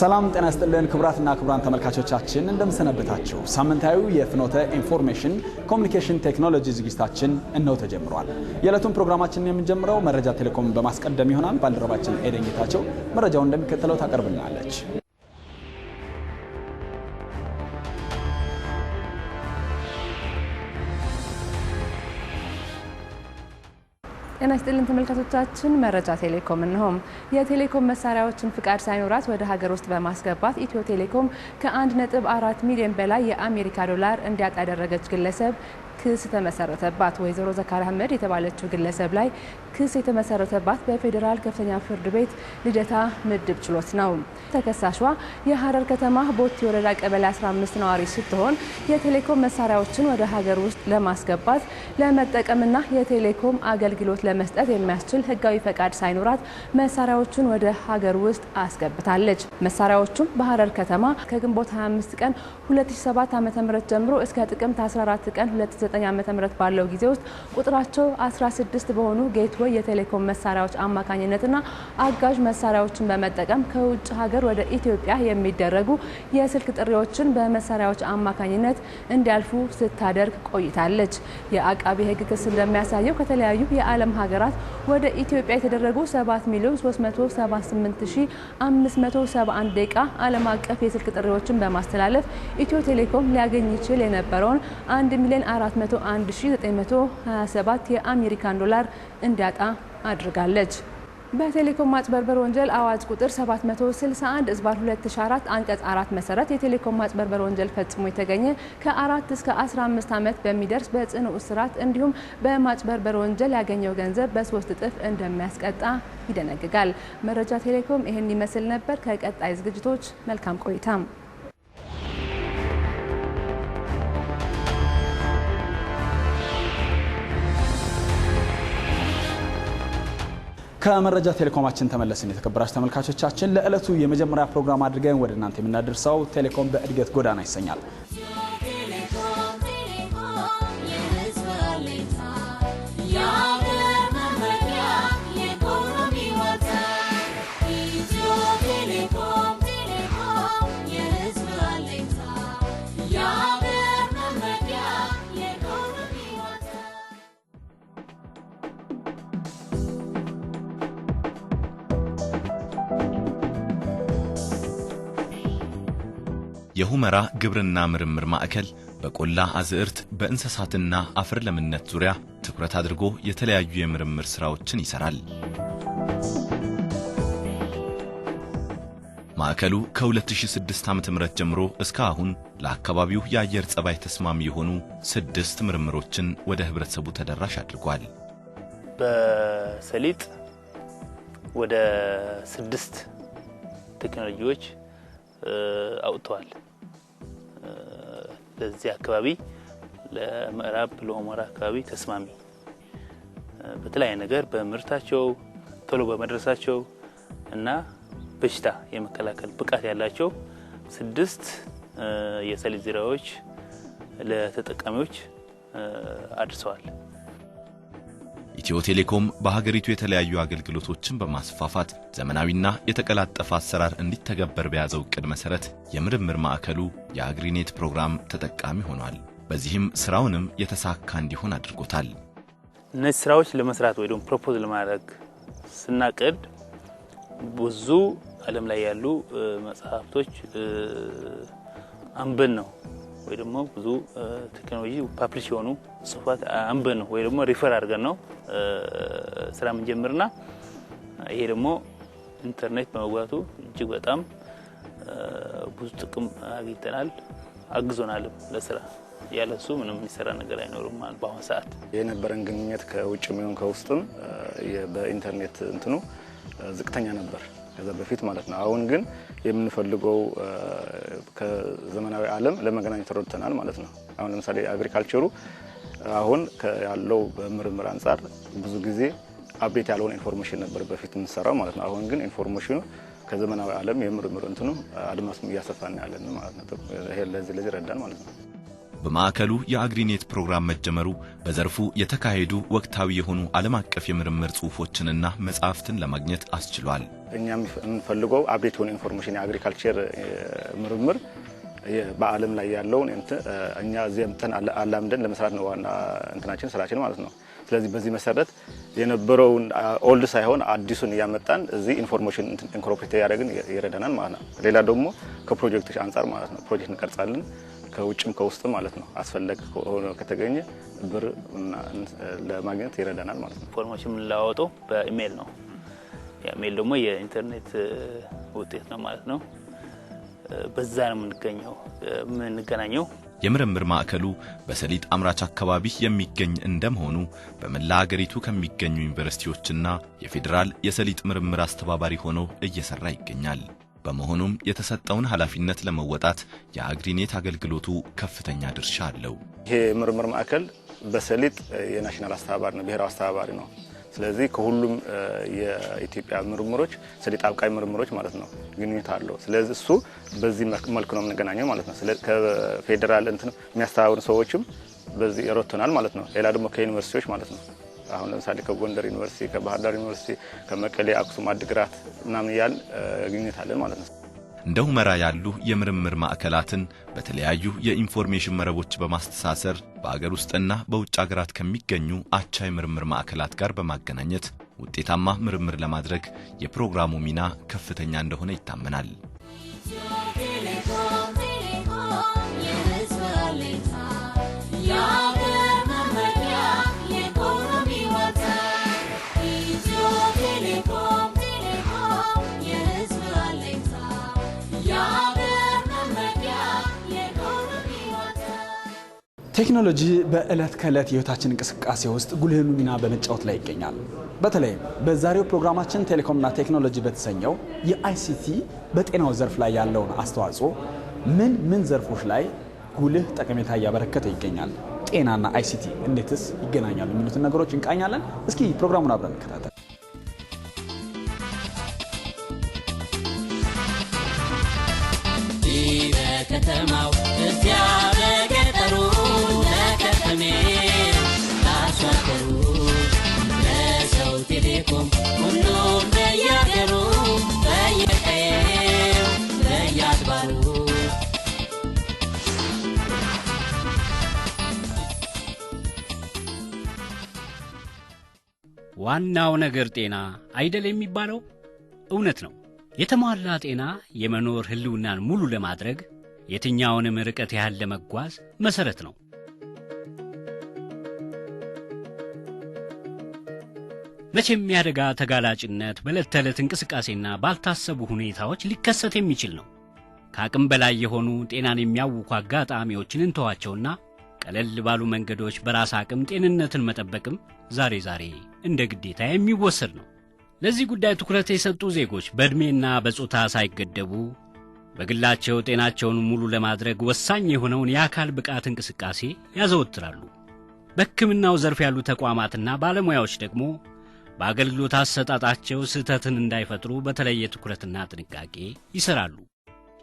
ሰላም ጤና ይስጥልን ክቡራትና ክቡራን ተመልካቾቻችን እንደምሰነበታችሁ። ሳምንታዊ የፍኖተ ኢንፎርሜሽን ኮሚኒኬሽን ቴክኖሎጂ ዝግጅታችን እነው ተጀምሯል። የዕለቱን ፕሮግራማችንን የምንጀምረው መረጃ ቴሌኮም በማስቀደም ይሆናል። ባልደረባችን ኤደን ጌታቸው መረጃውን እንደሚከተለው ታቀርብልናለች። ጤና ይስጥልን ተመልካቾቻችን፣ መረጃ ቴሌኮም እንሆም። የቴሌኮም መሳሪያዎችን ፍቃድ ሳይኖራት ወደ ሀገር ውስጥ በማስገባት ኢትዮ ቴሌኮም ከ1.4 ሚሊዮን በላይ የአሜሪካ ዶላር እንዲያጣ ያደረገች ግለሰብ ክስ ተመሰረተባት። ወይዘሮ ዘካር አህመድ የተባለችው ግለሰብ ላይ ክስ የተመሰረተባት በፌዴራል ከፍተኛ ፍርድ ቤት ልደታ ምድብ ችሎት ነው። ተከሳሿ የሀረር ከተማ ቦቲ ወረዳ ቀበሌ 15 ነዋሪ ስትሆን የቴሌኮም መሳሪያዎችን ወደ ሀገር ውስጥ ለማስገባት ለመጠቀምና የቴሌኮም አገልግሎት ለመስጠት የሚያስችል ሕጋዊ ፈቃድ ሳይኖራት መሳሪያዎቹን ወደ ሀገር ውስጥ አስገብታለች። መሳሪያዎቹም በሀረር ከተማ ከግንቦት 25 ቀን 2007 ዓ.ም ጀምሮ እስከ ጥቅምት 14 ቀን 2009 2019 ዓ.ም ባለው ጊዜ ውስጥ ቁጥራቸው 16 በሆኑ ጌትወይ የቴሌኮም መሳሪያዎች አማካኝነትና አጋዥ መሳሪያዎችን በመጠቀም ከውጭ ሀገር ወደ ኢትዮጵያ የሚደረጉ የስልክ ጥሪዎችን በመሳሪያዎች አማካኝነት እንዲያልፉ ስታደርግ ቆይታለች። የአቃቢ ሕግ ክስ እንደሚያሳየው ከተለያዩ የዓለም ሀገራት ወደ ኢትዮጵያ የተደረጉ 7 ሚሊዮን 378571 ደቂቃ ዓለም አቀፍ የስልክ ጥሪዎችን በማስተላለፍ ኢትዮ ቴሌኮም ሊያገኝ ይችል የነበረውን 1 ሚሊዮን 4 101927 የአሜሪካን ዶላር እንዲያጣ አድርጋለች። በቴሌኮም ማጭበርበር ወንጀል አዋጅ ቁጥር 761 ዝባር 2004 አንቀጽ 4 መሰረት የቴሌኮም ማጭበርበር ወንጀል ፈጽሞ የተገኘ ከ4 እስከ 15 ዓመት በሚደርስ በጽኑ እስራት እንዲሁም በማጭበርበር ወንጀል ያገኘው ገንዘብ በሶስት እጥፍ እንደሚያስቀጣ ይደነግጋል። መረጃ ቴሌኮም ይህን ይመስል ነበር። ከቀጣይ ዝግጅቶች መልካም ቆይታ ከመረጃ ቴሌኮማችን ተመለስን። የተከበራችሁ ተመልካቾቻችን ለዕለቱ የመጀመሪያ ፕሮግራም አድርገን ወደ እናንተ የምናደርሰው ቴሌኮም በእድገት ጎዳና ይሰኛል። የሁመራ ግብርና ምርምር ማዕከል በቆላ አዝዕርት፣ በእንስሳትና አፈር ለምነት ዙሪያ ትኩረት አድርጎ የተለያዩ የምርምር ስራዎችን ይሰራል። ማዕከሉ ከ2006 ዓ.ም ጀምሮ እስከ አሁን ለአካባቢው የአየር ጸባይ ተስማሚ የሆኑ ስድስት ምርምሮችን ወደ ህብረተሰቡ ተደራሽ አድርጓል። በሰሊጥ ወደ ስድስት ቴክኖሎጂዎች አውጥተዋል። ለዚህ አካባቢ ለምዕራብ ለሆሞራ አካባቢ ተስማሚ በተለያየ ነገር በምርታቸው ቶሎ በመድረሳቸው እና በሽታ የመከላከል ብቃት ያላቸው ስድስት የሰሊጥ ዝርያዎች ለተጠቃሚዎች አድርሰዋል። ኢትዮ ቴሌኮም በሀገሪቱ የተለያዩ አገልግሎቶችን በማስፋፋት ዘመናዊና የተቀላጠፈ አሰራር እንዲተገበር በያዘው እቅድ መሠረት የምርምር ማዕከሉ የአግሪኔት ፕሮግራም ተጠቃሚ ሆኗል። በዚህም ስራውንም የተሳካ እንዲሆን አድርጎታል። እነዚህ ስራዎች ለመስራት ወይ ደግሞ ፕሮፖዝ ለማድረግ ስናቅድ ብዙ ዓለም ላይ ያሉ መጽሐፍቶች አንብን ነው ወይ ደግሞ ብዙ ቴክኖሎጂ ፓብሊሽ የሆኑ ጽሁፋት አንብን ወይ ደግሞ ሪፈር አድርገን ነው ስራ የምንጀምርና ይሄ ደግሞ ኢንተርኔት በመግባቱ እጅግ በጣም ብዙ ጥቅም አግኝተናል፣ አግዞናልም ለስራ። ያለሱ ምንም የሚሰራ ነገር አይኖርም ማለት በአሁን ሰዓት የነበረን ግንኙነት ከውጭ የሚሆን ከውስጥም በኢንተርኔት እንትኑ ዝቅተኛ ነበር። ከዛ በፊት ማለት ነው። አሁን ግን የምንፈልገው ከዘመናዊ ዓለም ለመገናኘት ተረድተናል ማለት ነው። አሁን ለምሳሌ አግሪካልቸሩ አሁን ያለው በምርምር አንጻር ብዙ ጊዜ አፕዴት ያልሆነ ኢንፎርሜሽን ነበር በፊት የምንሰራው ማለት ነው። አሁን ግን ኢንፎርሜሽኑ ከዘመናዊ ዓለም የምርምር እንትኑ አድማስ እያሰፋን ያለን ማለት ነው። ይሄ ለዚህ ለዚህ ረዳን ማለት ነው። በማዕከሉ የአግሪኔት ፕሮግራም መጀመሩ በዘርፉ የተካሄዱ ወቅታዊ የሆኑ ዓለም አቀፍ የምርምር ጽሑፎችንና መጻሕፍትን ለማግኘት አስችሏል። እኛም የምንፈልገው አብዴት የሆነ ኢንፎርሜሽን የአግሪካልቸር ምርምር በዓለም ላይ ያለውን እኛ እዚህ ምጠን አላምደን ለመስራት ነው ዋና እንትናችን ስራችን ማለት ነው። ስለዚህ በዚህ መሰረት የነበረውን ኦልድ ሳይሆን አዲሱን እያመጣን እዚህ ኢንፎርሜሽን ኢንኮርፖሬት ያደረግን ይረዳናል ማለት ነው። ሌላ ደግሞ ከፕሮጀክቶች አንጻር ማለት ነው ፕሮጀክት እንቀርጻለን ከውጭም ከውስጥ ማለት ነው አስፈለግ ሆኖ ከተገኘ ብር ለማግኘት ይረዳናል ማለት ነው። ኢንፎርሜሽን የምንለዋወጠው በኢሜይል ነው። ኢሜይል ደግሞ የኢንተርኔት ውጤት ነው ማለት ነው። በዛ ነው የምንገኘው የምንገናኘው። የምርምር ማዕከሉ በሰሊጥ አምራች አካባቢ የሚገኝ እንደመሆኑ በመላ አገሪቱ ከሚገኙ ዩኒቨርሲቲዎችና የፌዴራል የሰሊጥ ምርምር አስተባባሪ ሆኖ እየሰራ ይገኛል። በመሆኑም የተሰጠውን ኃላፊነት ለመወጣት የአግሪኔት አገልግሎቱ ከፍተኛ ድርሻ አለው። ይሄ ምርምር ማዕከል በሰሊጥ የናሽናል አስተባባሪ ነው፣ ብሔራዊ አስተባባሪ ነው። ስለዚህ ከሁሉም የኢትዮጵያ ምርምሮች ሰሊጥ አብቃይ ምርምሮች ማለት ነው ግንኙነት አለው። ስለዚህ እሱ በዚህ መልክ ነው የምንገናኘው ማለት ነው። ከፌዴራል እንትን የሚያስተባብሩ ሰዎችም በዚህ ይረቱናል ማለት ነው። ሌላ ደግሞ ከዩኒቨርሲቲዎች ማለት ነው አሁን ለምሳሌ ከጎንደር ዩኒቨርሲቲ፣ ከባህር ዳር ዩኒቨርሲቲ፣ ከመቀሌ፣ አክሱም፣ አድግራት ምናምን እያል ግንኙነት አለን ማለት ነው። እንደ ሁመራ ያሉ የምርምር ማዕከላትን በተለያዩ የኢንፎርሜሽን መረቦች በማስተሳሰር በአገር ውስጥና በውጭ አገራት ከሚገኙ አቻ የምርምር ማዕከላት ጋር በማገናኘት ውጤታማ ምርምር ለማድረግ የፕሮግራሙ ሚና ከፍተኛ እንደሆነ ይታመናል። ቴክኖሎጂ በዕለት ከዕለት የህይወታችን እንቅስቃሴ ውስጥ ጉልህ ሚና በመጫወት ላይ ይገኛል። በተለይም በዛሬው ፕሮግራማችን ቴሌኮምና ቴክኖሎጂ በተሰኘው የአይሲቲ በጤናው ዘርፍ ላይ ያለውን አስተዋጽኦ ምን ምን ዘርፎች ላይ ጉልህ ጠቀሜታ እያበረከተ ይገኛል፣ ጤናና አይሲቲ እንዴትስ ይገናኛሉ የሚሉትን ነገሮች እንቃኛለን። እስኪ ፕሮግራሙን አብረን እንከታተል። ከተማው ቴሌኮም ዋናው ነገር ጤና አይደል የሚባለው እውነት ነው። የተሟላ ጤና የመኖር ህልውናን ሙሉ ለማድረግ የትኛውንም ርቀት ያህል ለመጓዝ መሠረት ነው። መቼም የሚያደጋ ተጋላጭነት በዕለት ተዕለት እንቅስቃሴና ባልታሰቡ ሁኔታዎች ሊከሰት የሚችል ነው። ከአቅም በላይ የሆኑ ጤናን የሚያውኩ አጋጣሚዎችን እንተዋቸውና ቀለል ባሉ መንገዶች በራስ አቅም ጤንነትን መጠበቅም ዛሬ ዛሬ እንደ ግዴታ የሚወሰድ ነው። ለዚህ ጉዳይ ትኩረት የሰጡ ዜጎች በዕድሜና በጾታ ሳይገደቡ በግላቸው ጤናቸውን ሙሉ ለማድረግ ወሳኝ የሆነውን የአካል ብቃት እንቅስቃሴ ያዘወትራሉ። በሕክምናው ዘርፍ ያሉ ተቋማትና ባለሙያዎች ደግሞ በአገልግሎት አሰጣጣቸው ስህተትን እንዳይፈጥሩ በተለየ ትኩረትና ጥንቃቄ ይሠራሉ።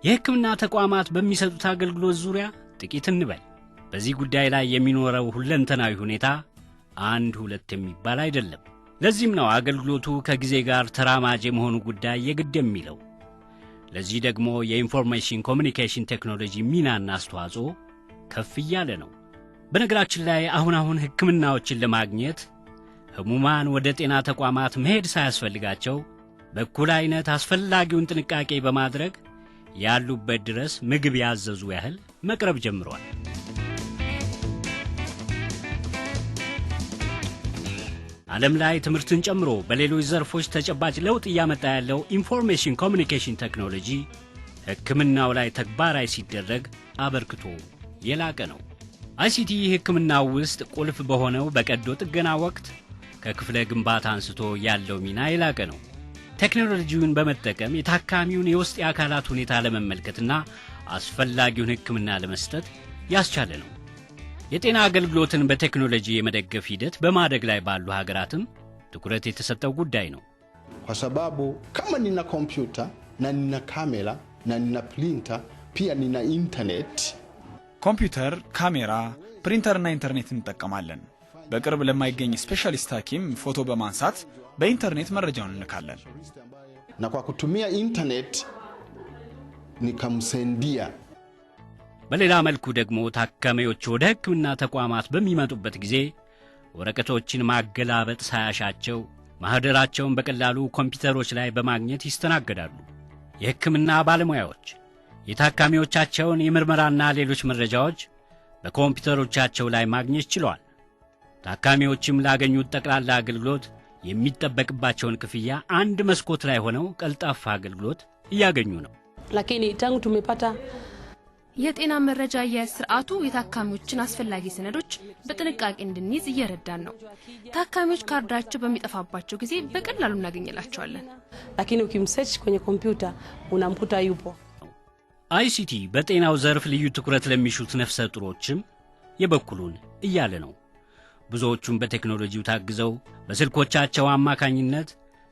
የሕክምና ተቋማት በሚሰጡት አገልግሎት ዙሪያ ጥቂት እንበል። በዚህ ጉዳይ ላይ የሚኖረው ሁለንተናዊ ሁኔታ አንድ ሁለት የሚባል አይደለም። ለዚህም ነው አገልግሎቱ ከጊዜ ጋር ተራማጅ የመሆኑ ጉዳይ የግድ የሚለው። ለዚህ ደግሞ የኢንፎርሜሽን ኮሚኒኬሽን ቴክኖሎጂ ሚናና አስተዋጽኦ ከፍ እያለ ነው። በነገራችን ላይ አሁን አሁን ሕክምናዎችን ለማግኘት ህሙማን ወደ ጤና ተቋማት መሄድ ሳያስፈልጋቸው በኩል አይነት አስፈላጊውን ጥንቃቄ በማድረግ ያሉበት ድረስ ምግብ ያዘዙ ያህል መቅረብ ጀምሯል። ዓለም ላይ ትምህርትን ጨምሮ በሌሎች ዘርፎች ተጨባጭ ለውጥ እያመጣ ያለው ኢንፎርሜሽን ኮሚኒኬሽን ቴክኖሎጂ ሕክምናው ላይ ተግባራዊ ሲደረግ አበርክቶ የላቀ ነው። አይሲቲ ሕክምናው ውስጥ ቁልፍ በሆነው በቀዶ ጥገና ወቅት ከክፍለ ግንባታ አንስቶ ያለው ሚና የላቀ ነው። ቴክኖሎጂውን በመጠቀም የታካሚውን የውስጥ የአካላት ሁኔታ ለመመልከትና አስፈላጊውን ሕክምና ለመስጠት ያስቻለ ነው። የጤና አገልግሎትን በቴክኖሎጂ የመደገፍ ሂደት በማደግ ላይ ባሉ ሀገራትም ትኩረት የተሰጠው ጉዳይ ነው። kwasabaቡ kama nina kompyuta na nina kamera na nina printer pia nina internet ኮምፒውተር፣ ካሜራ፣ ፕሪንተርና ኢንተርኔት እንጠቀማለን። በቅርብ ለማይገኝ ስፔሻሊስት ሐኪም ፎቶ በማንሳት በኢንተርኔት መረጃውን እንልካለን እና ኳ ኩቱሚያ ኢንተርኔት በሌላ መልኩ ደግሞ ታካሚዎች ወደ ሕክምና ተቋማት በሚመጡበት ጊዜ ወረቀቶችን ማገላበጥ ሳያሻቸው ማኅደራቸውን በቀላሉ ኮምፒውተሮች ላይ በማግኘት ይስተናገዳሉ። የሕክምና ባለሙያዎች የታካሚዎቻቸውን የምርመራና ሌሎች መረጃዎች በኮምፒውተሮቻቸው ላይ ማግኘት ችለዋል። ታካሚዎችም ላገኙት ጠቅላላ አገልግሎት የሚጠበቅባቸውን ክፍያ አንድ መስኮት ላይ ሆነው ቀልጣፋ አገልግሎት እያገኙ ነው። ላኪኒ ቱሜፓታ የጤና መረጃ አያያዝ ስርዓቱ የታካሚዎችን አስፈላጊ ሰነዶች በጥንቃቄ እንድንይዝ እየረዳን ነው። ታካሚዎች ካርዳቸው በሚጠፋባቸው ጊዜ በቀላሉ እናገኝላቸዋለን። ላኪኒ ኪምሰች ኮኝ ኮምፒውተር ዩፖ አይሲቲ በጤናው ዘርፍ ልዩ ትኩረት ለሚሹት ነፍሰ ጡሮችም የበኩሉን እያለ ነው። ብዙዎቹም በቴክኖሎጂው ታግዘው በስልኮቻቸው አማካኝነት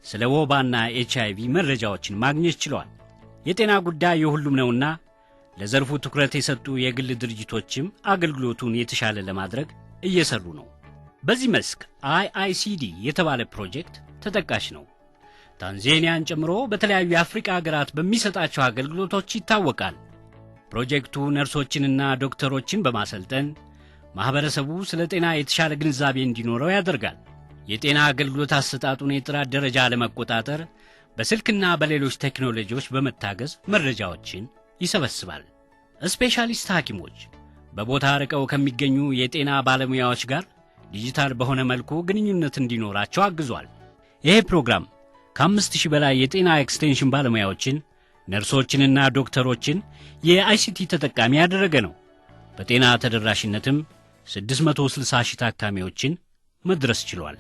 ስለ ወባና ኤች አይቪ መረጃዎችን ማግኘት ችለዋል። የጤና ጉዳይ የሁሉም ነውና ለዘርፉ ትኩረት የሰጡ የግል ድርጅቶችም አገልግሎቱን የተሻለ ለማድረግ እየሰሩ ነው። በዚህ መስክ አይአይሲዲ የተባለ ፕሮጀክት ተጠቃሽ ነው። ታንዜኒያን ጨምሮ በተለያዩ የአፍሪካ ሀገራት በሚሰጣቸው አገልግሎቶች ይታወቃል። ፕሮጀክቱ ነርሶችንና ዶክተሮችን በማሰልጠን ማኅበረሰቡ ስለ ጤና የተሻለ ግንዛቤ እንዲኖረው ያደርጋል። የጤና አገልግሎት አሰጣጡን የጥራት ደረጃ ለመቆጣጠር በስልክና በሌሎች ቴክኖሎጂዎች በመታገዝ መረጃዎችን ይሰበስባል። ስፔሻሊስት ሐኪሞች በቦታ ርቀው ከሚገኙ የጤና ባለሙያዎች ጋር ዲጂታል በሆነ መልኩ ግንኙነት እንዲኖራቸው አግዟል። ይሄ ፕሮግራም ከአምስት ሺህ በላይ የጤና ኤክስቴንሽን ባለሙያዎችን ነርሶችንና ዶክተሮችን የአይሲቲ ተጠቃሚ ያደረገ ነው። በጤና ተደራሽነትም 660 ሺህ ታካሚዎችን መድረስ ችሏል።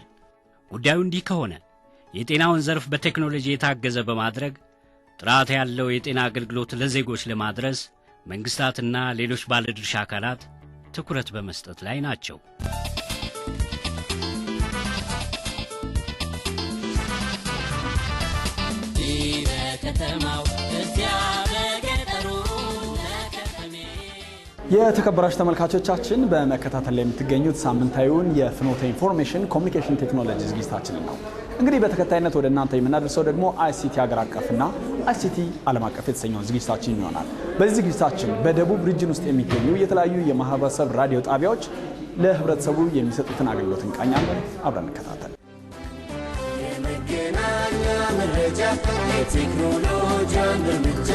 ጉዳዩ እንዲህ ከሆነ የጤናውን ዘርፍ በቴክኖሎጂ የታገዘ በማድረግ ጥራት ያለው የጤና አገልግሎት ለዜጎች ለማድረስ መንግሥታትና ሌሎች ባለድርሻ አካላት ትኩረት በመስጠት ላይ ናቸው። ከተማው የተከበራችሁ ተመልካቾቻችን በመከታተል ላይ የምትገኙት ሳምንታዊውን የፍኖተ ኢንፎርሜሽን ኮሚኒኬሽን ቴክኖሎጂ ዝግጅታችንን ነው። እንግዲህ በተከታይነት ወደ እናንተ የምናደርሰው ደግሞ አይሲቲ ሀገር አቀፍና አይሲቲ ዓለም አቀፍ የተሰኘውን ዝግጅታችን ይሆናል። በዚህ ዝግጅታችን በደቡብ ሪጅን ውስጥ የሚገኙ የተለያዩ የማህበረሰብ ራዲዮ ጣቢያዎች ለህብረተሰቡ የሚሰጡትን አገልግሎት እንቃኛለን። አብረን እንከታተል። የመገናኛ መረጃ የቴክኖሎጂ እርምጃ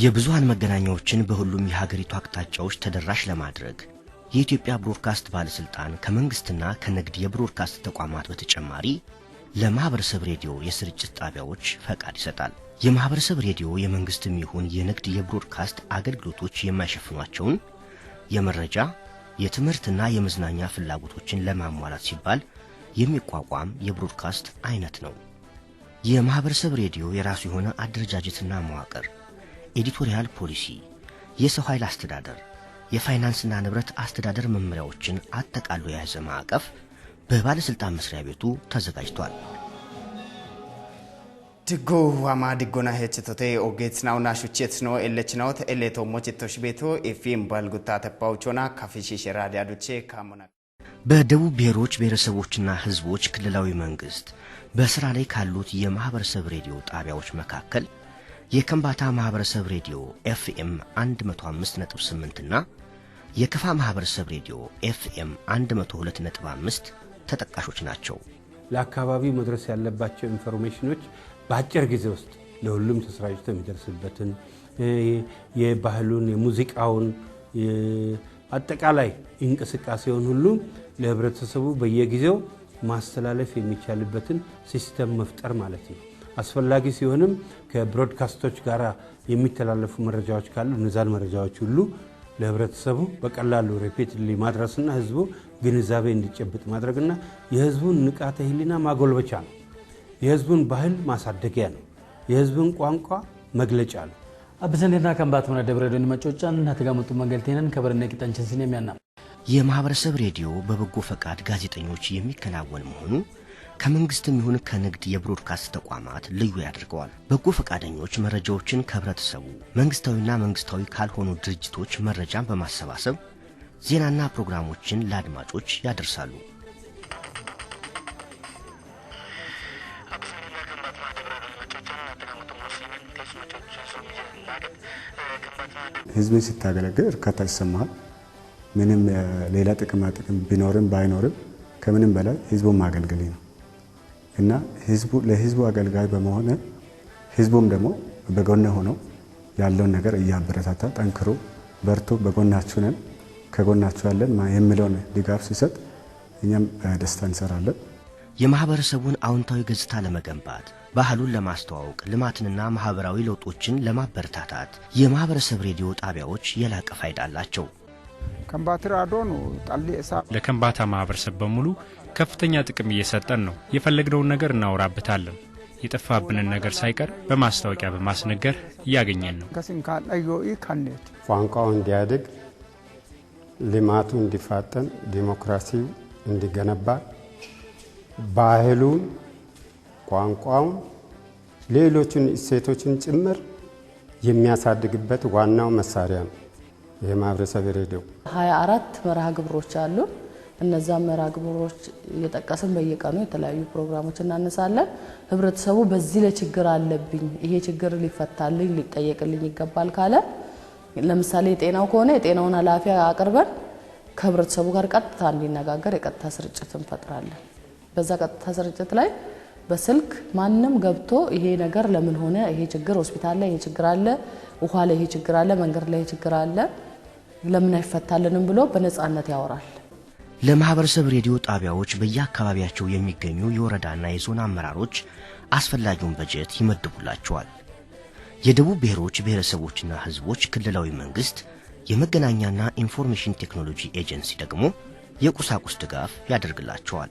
የብዙሃን መገናኛዎችን በሁሉም የሀገሪቱ አቅጣጫዎች ተደራሽ ለማድረግ የኢትዮጵያ ብሮድካስት ባለስልጣን ከመንግስትና ከንግድ የብሮድካስት ተቋማት በተጨማሪ ለማህበረሰብ ሬዲዮ የስርጭት ጣቢያዎች ፈቃድ ይሰጣል። የማህበረሰብ ሬዲዮ የመንግሥትም ይሁን የንግድ የብሮድካስት አገልግሎቶች የማይሸፍኗቸውን የመረጃ የትምህርትና የመዝናኛ ፍላጎቶችን ለማሟላት ሲባል የሚቋቋም የብሮድካስት አይነት ነው። የማህበረሰብ ሬዲዮ የራሱ የሆነ አደረጃጀትና መዋቅር፣ ኤዲቶሪያል ፖሊሲ፣ የሰው ኃይል አስተዳደር፣ የፋይናንስና ንብረት አስተዳደር መመሪያዎችን አጠቃሎ የያዘ ማዕቀፍ በባለሥልጣን መስሪያ ቤቱ ተዘጋጅቷል። ድጎ ዋማ ድጎና ሄችቶቴ ኦጌት ኦጌትናውና ሹቼትኖ ኤሌቶ ሞቼቶሽ ቤቶ ኤፌም ባልጉታ ተባውቾና ካፌሽሽ ራዲያዶቼ ካሞና በደቡብ ብሔሮች ብሔረሰቦችና ሕዝቦች ክልላዊ መንግስት በስራ ላይ ካሉት የማህበረሰብ ሬዲዮ ጣቢያዎች መካከል የከምባታ ማህበረሰብ ሬዲዮ ኤፍኤም 105.8 ና የከፋ ማህበረሰብ ሬዲዮ ኤፍኤም 102.5 ተጠቃሾች ናቸው። ለአካባቢው መድረስ ያለባቸው ኢንፎርሜሽኖች በአጭር ጊዜ ውስጥ ለሁሉም ተሰራጭቶ የሚደርስበትን የባህሉን፣ የሙዚቃውን አጠቃላይ እንቅስቃሴውን ሁሉ ለህብረተሰቡ በየጊዜው ማስተላለፍ የሚቻልበትን ሲስተም መፍጠር ማለት ነው። አስፈላጊ ሲሆንም ከብሮድካስቶች ጋር የሚተላለፉ መረጃዎች ካሉ እነዛን መረጃዎች ሁሉ ለህብረተሰቡ በቀላሉ ሪፒትሊ ማድረስና ህዝቡ ግንዛቤ እንዲጨብጥ ማድረግና የህዝቡን ንቃተ ህሊና ማጎልበቻ ነው። የህዝቡን ባህል ማሳደጊያ ነው። የህዝቡን ቋንቋ መግለጫ ነው። አብሰኔና ከንባት ሆነ ደብረ ዶን መጮጫን እና ተጋመጡ መንገልቴንን ከበርነ ቂጣንችን ስን የሚያና የማህበረሰብ ሬዲዮ በበጎ ፈቃድ ጋዜጠኞች የሚከናወን መሆኑ ከመንግስትም ይሁን ከንግድ የብሮድካስት ተቋማት ልዩ ያደርገዋል። በጎ ፈቃደኞች መረጃዎችን ከህብረተሰቡ፣ መንግስታዊና መንግስታዊ ካልሆኑ ድርጅቶች መረጃን በማሰባሰብ ዜናና ፕሮግራሞችን ለአድማጮች ያደርሳሉ። ህዝብን ስታገለግል እርካታ ይሰማሃል። ምንም ሌላ ጥቅማ ጥቅም ቢኖርም ባይኖርም ከምንም በላይ ህዝቡን ማገልገል ነው እና ለህዝቡ አገልጋይ በመሆን ህዝቡም ደግሞ በጎን ሆኖ ያለውን ነገር እያበረታታ ጠንክሮ በርቶ በጎናችሁ ነን ከጎናችሁ ያለን የሚለውን ድጋፍ ሲሰጥ እኛም ደስታ እንሰራለን። የማህበረሰቡን አዎንታዊ ገጽታ ለመገንባት ባህሉን ለማስተዋወቅ ልማትንና ማህበራዊ ለውጦችን ለማበረታታት የማህበረሰብ ሬዲዮ ጣቢያዎች የላቀ ፋይዳ አላቸው። ለከምባታ ማህበረሰብ በሙሉ ከፍተኛ ጥቅም እየሰጠን ነው። የፈለግነውን ነገር እናወራበታለን። የጠፋብንን ነገር ሳይቀር በማስታወቂያ በማስነገር እያገኘን ነው። ቋንቋው እንዲያድግ፣ ልማቱ እንዲፋጠን፣ ዲሞክራሲው እንዲገነባ ባህሉን፣ ቋንቋውን፣ ሌሎችን እሴቶችን ጭምር የሚያሳድግበት ዋናው መሳሪያ ነው ይህ ማህበረሰብ ሬዲዮ። ሀያ አራት መርሃ ግብሮች አሉ። እነዛ መርሃ ግብሮች እየጠቀስን በየቀኑ የተለያዩ ፕሮግራሞች እናነሳለን። ህብረተሰቡ በዚህ ለችግር አለብኝ ይሄ ችግር ሊፈታልኝ ሊጠየቅልኝ ይገባል ካለ ለምሳሌ የጤናው ከሆነ የጤናውን ኃላፊ አቅርበን ከህብረተሰቡ ጋር ቀጥታ እንዲነጋገር የቀጥታ ስርጭት እንፈጥራለን። በዛ ቀጥታ ስርጭት ላይ በስልክ ማንም ገብቶ ይሄ ነገር ለምን ሆነ፣ ይሄ ችግር ሆስፒታል ላይ ይሄ ችግር አለ፣ ውሃ ላይ ይሄ ችግር አለ፣ መንገድ ላይ ይሄ ችግር አለ፣ ለምን አይፈታልንም ብሎ በነፃነት ያወራል። ለማህበረሰብ ሬዲዮ ጣቢያዎች በየአካባቢያቸው የሚገኙ የወረዳና የዞን አመራሮች አስፈላጊውን በጀት ይመድቡላቸዋል። የደቡብ ብሔሮች ብሔረሰቦችና ሕዝቦች ክልላዊ መንግስት የመገናኛና ኢንፎርሜሽን ቴክኖሎጂ ኤጀንሲ ደግሞ የቁሳቁስ ድጋፍ ያደርግላቸዋል።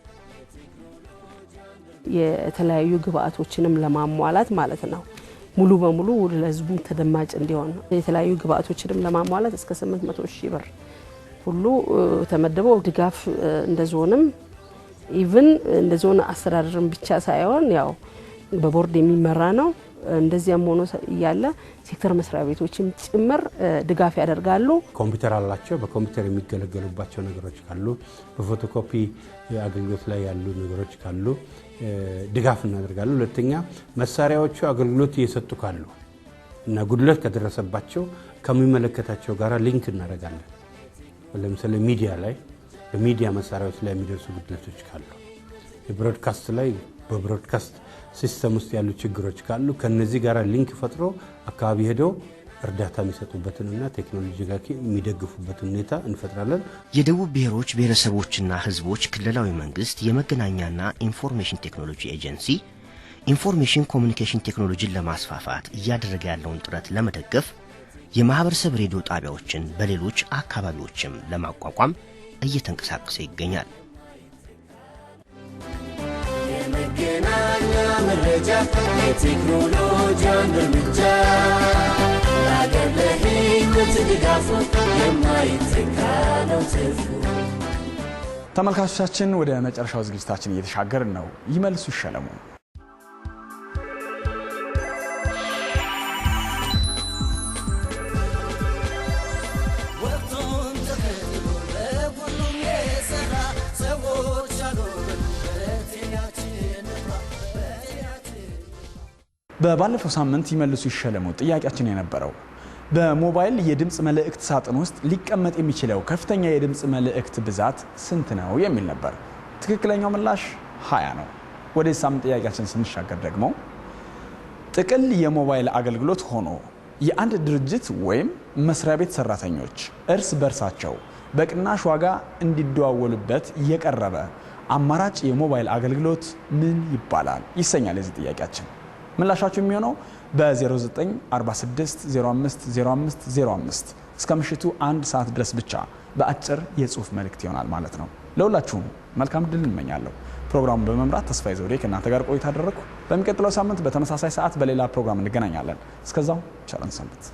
የተለያዩ ግብአቶችንም ለማሟላት ማለት ነው። ሙሉ በሙሉ ለህዝቡ ተደማጭ እንዲሆን የተለያዩ ግብአቶችንም ለማሟላት እስከ 800 ሺህ ብር ሁሉ ተመድበው ድጋፍ እንደ ዞንም ኢቭን እንደ ዞን አስተዳደርም ብቻ ሳይሆን ያው በቦርድ የሚመራ ነው። እንደዚያም ሆኖ እያለ ሴክተር መስሪያ ቤቶችም ጭምር ድጋፍ ያደርጋሉ። ኮምፒውተር አላቸው። በኮምፒውተር የሚገለገሉባቸው ነገሮች ካሉ፣ በፎቶኮፒ አገልግሎት ላይ ያሉ ነገሮች ካሉ ድጋፍ እናደርጋለን። ሁለተኛ መሳሪያዎቹ አገልግሎት እየሰጡ ካሉ እና ጉድለት ከደረሰባቸው ከሚመለከታቸው ጋር ሊንክ እናደርጋለን። ለምሳሌ ሚዲያ ላይ በሚዲያ መሳሪያዎች ላይ የሚደርሱ ጉድለቶች ካሉ፣ ብሮድካስት ላይ በብሮድካስት ሲስተም ውስጥ ያሉ ችግሮች ካሉ ከነዚህ ጋር ሊንክ ፈጥሮ አካባቢ ሄደው እርዳታ የሚሰጡበትንና ቴክኖሎጂ ጋር የሚደግፉበትን ሁኔታ እንፈጥራለን። የደቡብ ብሔሮች ብሔረሰቦችና ህዝቦች ክልላዊ መንግስት የመገናኛና ኢንፎርሜሽን ቴክኖሎጂ ኤጀንሲ ኢንፎርሜሽን ኮሚኒኬሽን ቴክኖሎጂን ለማስፋፋት እያደረገ ያለውን ጥረት ለመደገፍ የማህበረሰብ ሬዲዮ ጣቢያዎችን በሌሎች አካባቢዎችም ለማቋቋም እየተንቀሳቀሰ ይገኛል። የመገናኛ መረጃ የቴክኖሎጂ አንድ እርምጃ አገር ድጋፉ የማይተካ ነው ትርፉ። ተመልካቾቻችን ወደ መጨረሻው ዝግጅታችን እየተሻገርን ነው። ይመልሱ ይሸለሙ በባለፈው ሳምንት ይመልሱ ይሸለሙ ጥያቄያችን የነበረው በሞባይል የድምፅ መልእክት ሳጥን ውስጥ ሊቀመጥ የሚችለው ከፍተኛ የድምፅ መልእክት ብዛት ስንት ነው የሚል ነበር። ትክክለኛው ምላሽ 20 ነው። ወደ ሳምንት ጥያቄያችን ስንሻገር ደግሞ ጥቅል የሞባይል አገልግሎት ሆኖ የአንድ ድርጅት ወይም መስሪያ ቤት ሰራተኞች እርስ በርሳቸው በቅናሽ ዋጋ እንዲደዋወሉበት የቀረበ አማራጭ የሞባይል አገልግሎት ምን ይባላል? ይሰኛል የዚህ ጥያቄያችን። ምላሻችሁ የሚሆነው በ0946 05 እስከ ምሽቱ አንድ ሰዓት ድረስ ብቻ በአጭር የጽሁፍ መልእክት ይሆናል ማለት ነው። ለሁላችሁም መልካም ድል እንመኛለሁ። ፕሮግራሙን በመምራት ተስፋዬ ዘውዴ ከእናንተ ጋር ቆይታ አደረግኩ። በሚቀጥለው ሳምንት በተመሳሳይ ሰዓት በሌላ ፕሮግራም እንገናኛለን። እስከዛው ቸረን ሰንብቱ።